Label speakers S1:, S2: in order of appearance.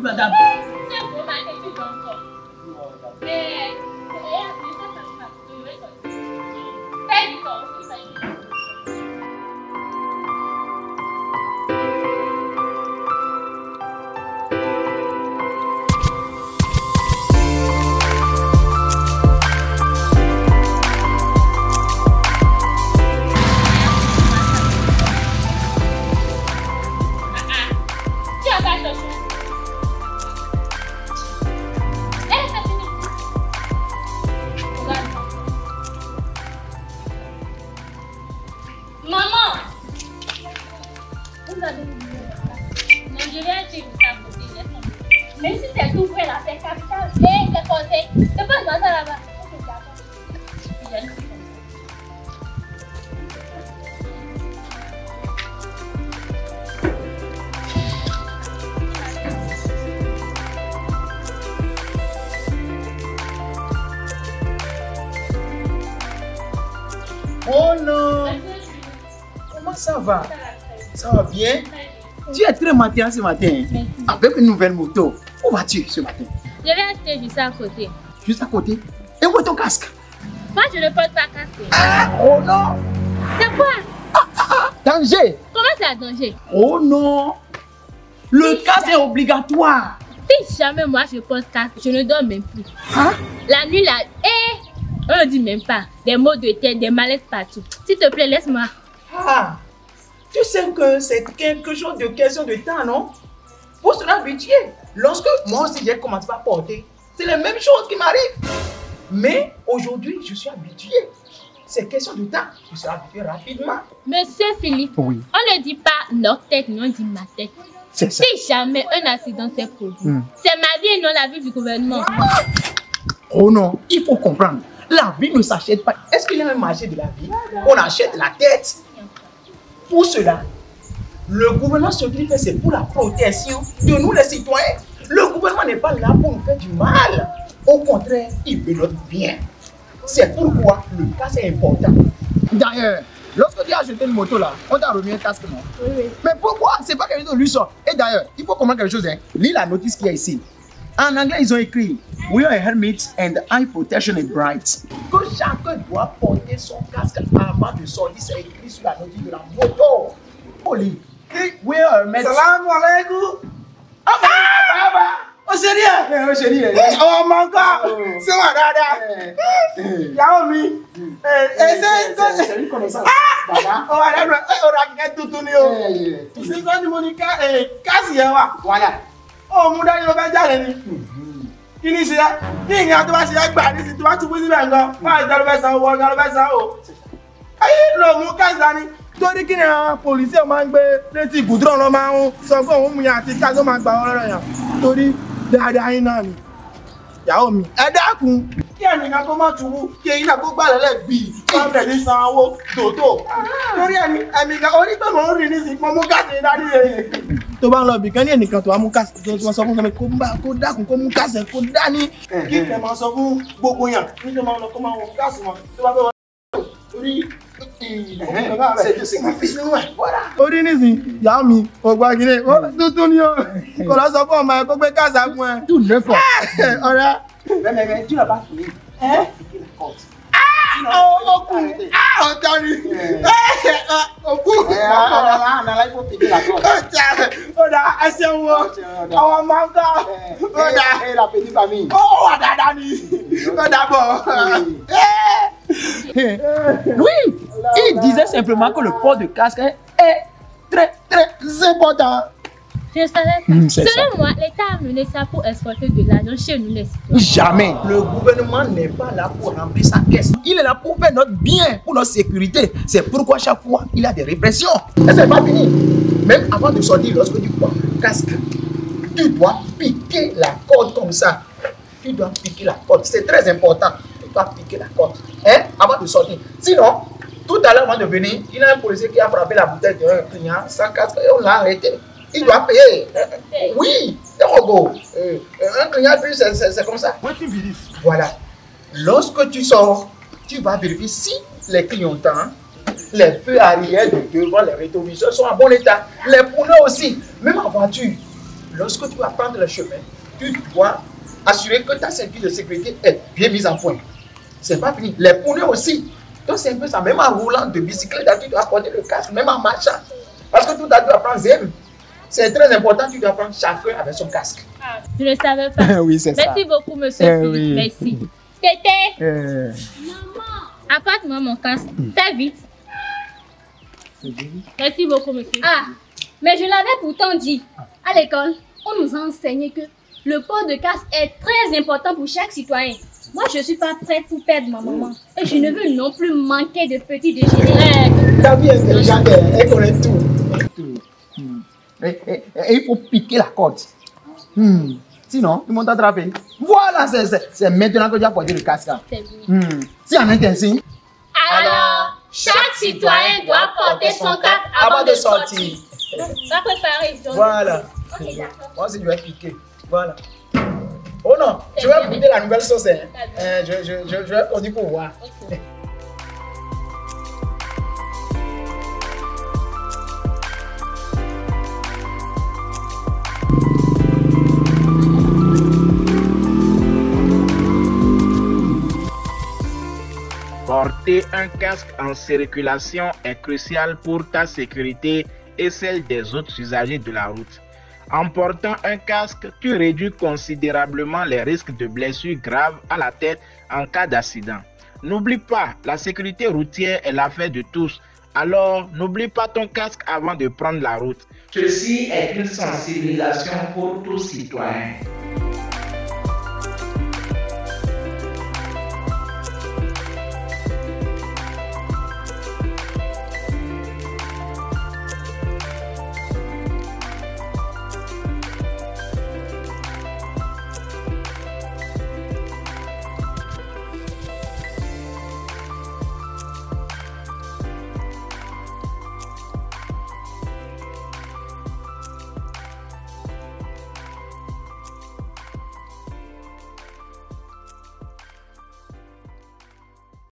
S1: bí bàtà ṣé kò máa lè fi gbọ̀n kọ̀? bẹ́ẹ̀ ẹ̀ ẹ́ àti iṣẹ́ pàtàkì tó yọ ẹ̀kọ́ sí. fẹ́ẹ̀ sọ̀rọ̀ Mamma! Non gli piace questa bottiglia. Pensi se tu quella sei capitata e le cose. E poi cosa la fa? Oh non! ça va Ça va bien Tu es très matin ce matin. Avec une nouvelle moto. Où vas-tu ce matin Je vais acheter juste à côté. Juste à côté Et où est ton casque Moi, je ne porte pas casque. Ah, oh non C'est quoi ah, ah, Danger Comment c'est ça, danger Oh non Le casque est obligatoire. Si jamais moi je porte casque, je ne dors même plus. Hein? La nuit là, eh, on ne dit même pas. Des maux de tête, des malaises partout. S'il te plaît, laisse-moi. Ah, tu sais que c'est quelque chose de question de temps, non Pour se l'habituer. Lorsque moi aussi j'ai commencé à porter, c'est la même chose qui m'arrive. Mais aujourd'hui, je suis habitué. C'est question de temps. Je suis habituée rapidement. Monsieur Philippe, on ne dit pas notre tête, mais on dit ma tête. C'est ça. Si jamais un accident s'est produit, hmm. c'est ma vie et non la vie du gouvernement. Ah! oh non, il faut comprendre. La vie ne s'achète pas. Est-ce qu'il y a un marché de la vie On achète la tête pour cela, le gouvernement, se dit que c'est pour la protection de nous, les citoyens. Le gouvernement n'est pas là pour nous faire du mal. Au contraire, il veut notre bien. C'est pourquoi le cas est important. D'ailleurs, lorsque tu as jeté une moto là, on t'a remis un casque, non oui, Mais pourquoi C'est pas que chose de lui sort. Et d'ailleurs, il faut comprendre quelque chose. Hein. Lis la notice qu'il y a ici. En anglais, ils ont écrit We are a hermit and eye protection is bright. Que chacun doit porter son casque avant de sortir, c'est écrit sur la notice de la moto. Oli, we are a hermit. Salam alaikum. Ah, baba. Ó ṣe rí ẹ̀. Ó ṣe rí ẹ̀. Ọmọ nǹkan ṣé wà dáadáa. Ìyàwó mi. Ẹ ṣe ń tọ́. Ọ̀rẹ́ mi, ọ̀rẹ́ akẹ́kẹ́ tuntun ni o. Ṣé kọ́ni mo ní káàsì yẹn wà? Wàhálà òun dání ló fẹ́ jáde ni kí ní ṣe ẹ́ ní ìyẹn tó bá ṣe ẹ́ gbà ní sí tó bá ṣubú síbẹ̀ nǹkan fún àìsàn ló fẹ́ san owó ọ̀gá ló fẹ́ san o ayé lòun kẹsàn-án ni torí kí ni àwọn pòlìsì ọ̀ máa ń gbé létí gùdúrọ̀ lọ́ máa ń sọ pé òun mú yàn àti ká tó máa gbà ọ́ lọ́rọ̀ yàn torí dáadáa yín náà ni ìyàwó mi ẹ dákun. kí ẹnìkan tó má tuwú kí eyín náà kó gbà lẹ́lẹ̀ bíi ọ̀rẹ́ ní san owó tòótọ́ torí ẹnìkan orí pé mò ń rìn nísìnyí mo mú gáàsì dání yẹn tó bá ń lọ ibìkan ní ẹnìkan tó wá mú kásẹ̀ tó wọ́n sọ fún sọmi kó bá kó dákun kó mú kásẹ̀ kó dání kí ìfẹ́ máa sọ fún gbogbo yàn níṣẹ́ máa ń lọ kó máa wọ káàsì wọn tó bá fẹ́ wọn orí orí nísìn ìyá mi ọgbà gíní ó tuntun ni ó kò lọ sọ fún ọmọ ẹ kó gbé káàsà fún ẹ. tù lẹ́fọ̀. ọ̀rẹ́. bẹ́ẹ̀ jìnnà bá fún mi. ọkùnrin ọ̀tá ni. Oui, eh. Eh, oh, il disait simplement que le port de casque est très très important. Je ne savais pas. Hmm, Selon moi, l'État a mené ça pour exporter de l'argent chez nous, n'est-ce Jamais. Le gouvernement n'est pas là pour remplir sa caisse. Il est là pour faire notre bien, pour notre sécurité. C'est pourquoi chaque fois, il a des répressions. Et c'est pas fini. Même avant de sortir, lorsque tu prends casque, tu dois piquer la corde comme ça. Tu dois piquer la corde. C'est très important. Tu dois piquer la corde. Hein? Avant de sortir. Sinon, tout à l'heure, avant de venir, il y a un policier qui a frappé la bouteille d'un client sans casque et on l'a arrêté il doit payer. Euh, oui, euh, Un client c'est comme ça. Voilà. Lorsque tu sors, tu vas vérifier si les clignotants, les feux arrière de devant, les rétroviseurs sont en bon état. Les pneus aussi. Même en voiture, lorsque tu vas prendre le chemin, tu dois assurer que ta ceinture de sécurité est bien mise en point. C'est pas fini. Les pneus aussi. Donc c'est un peu ça. Même en roulant de bicyclette, tu dois porter le casque, même en marchant. Parce que tout à l'heure, tu dois prendre c'est très important, tu dois prendre chacun avec son casque. Ah, je ne savais pas. oui, c'est ça. Merci beaucoup, monsieur eh Merci. Tété. Maman. Eh. Apporte-moi mon casque. Hmm. Très vite. Merci beaucoup, monsieur. Ah, mais je l'avais pourtant dit. Ah. À l'école, on nous a enseigné que le port de casque est très important pour chaque citoyen. Moi, je ne suis pas prête pour perdre ma maman. Et je ne veux non plus manquer de petits déjeuners. Eh. Ta vie est intelligente, elle connaît tout. Et, il faut piquer la corde. Hmm. Sinon, ils le monde Voilà, c'est maintenant que tu as porté le casque. Hmm. Si on est un signe. Alors, chaque citoyen doit porter son casque avant de sortir. Va préparer, Voilà. d'accord. Moi aussi, je vais piquer. Voilà. Oh non, je vais goûter la nouvelle sauce. Hein. Euh, je, je, je, je vais produire pour voir. un casque en circulation est crucial pour ta sécurité et celle des autres usagers de la route. En portant un casque, tu réduis considérablement les risques de blessures graves à la tête en cas d'accident. N'oublie pas, la sécurité routière est l'affaire de tous. Alors, n'oublie pas ton casque avant de prendre la route. Ceci est une sensibilisation pour tous citoyens.